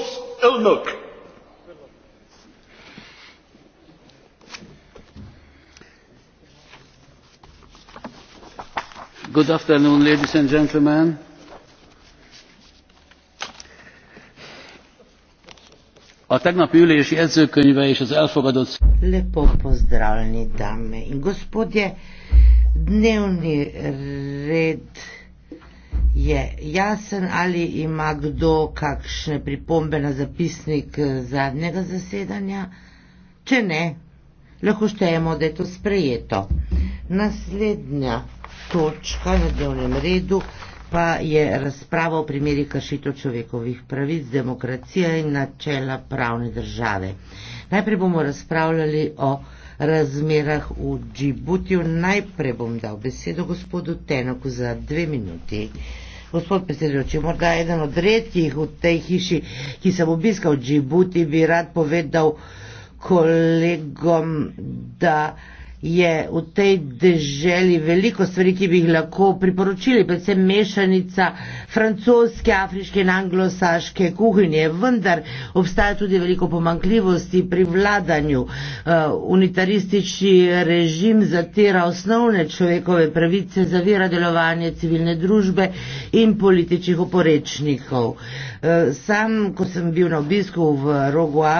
Kos Ilmilk. Good afternoon, ladies and gentlemen. A tegnapi ülési jegyzőkönyve és az elfogadott... Lepo pozdravni, dame in gospodje, dnevni red je jasen, ali ima kdo kakšne pripombe na zapisnik eh, zadnjega zasedanja. Če ne, lahko štejemo, da je to sprejeto. Naslednja točka na dnevnem redu pa je razprava o primeri kršitev človekovih pravic, demokracije in načela pravne države. Najprej bomo razpravljali o razmerah v Džibutiju. Najprej bom dal besedo gospodu Tenoku za dve minuti gospod Peserjo, če morda eden od redkih v tej hiši, ki sem obiskal Džibuti, bi rad povedal kolegom, da je v tej deželi veliko stvari, ki bi jih lahko priporočili, predvsem mešanica francoske, afriške in anglosaške kuhinje, vendar obstaja tudi veliko pomankljivosti pri vladanju. Uh, unitaristični režim zatira osnovne človekove pravice, zavira delovanje civilne družbe in političnih oporečnikov. Uh, sam, ko sem bil na obisku v Rogu Afriki,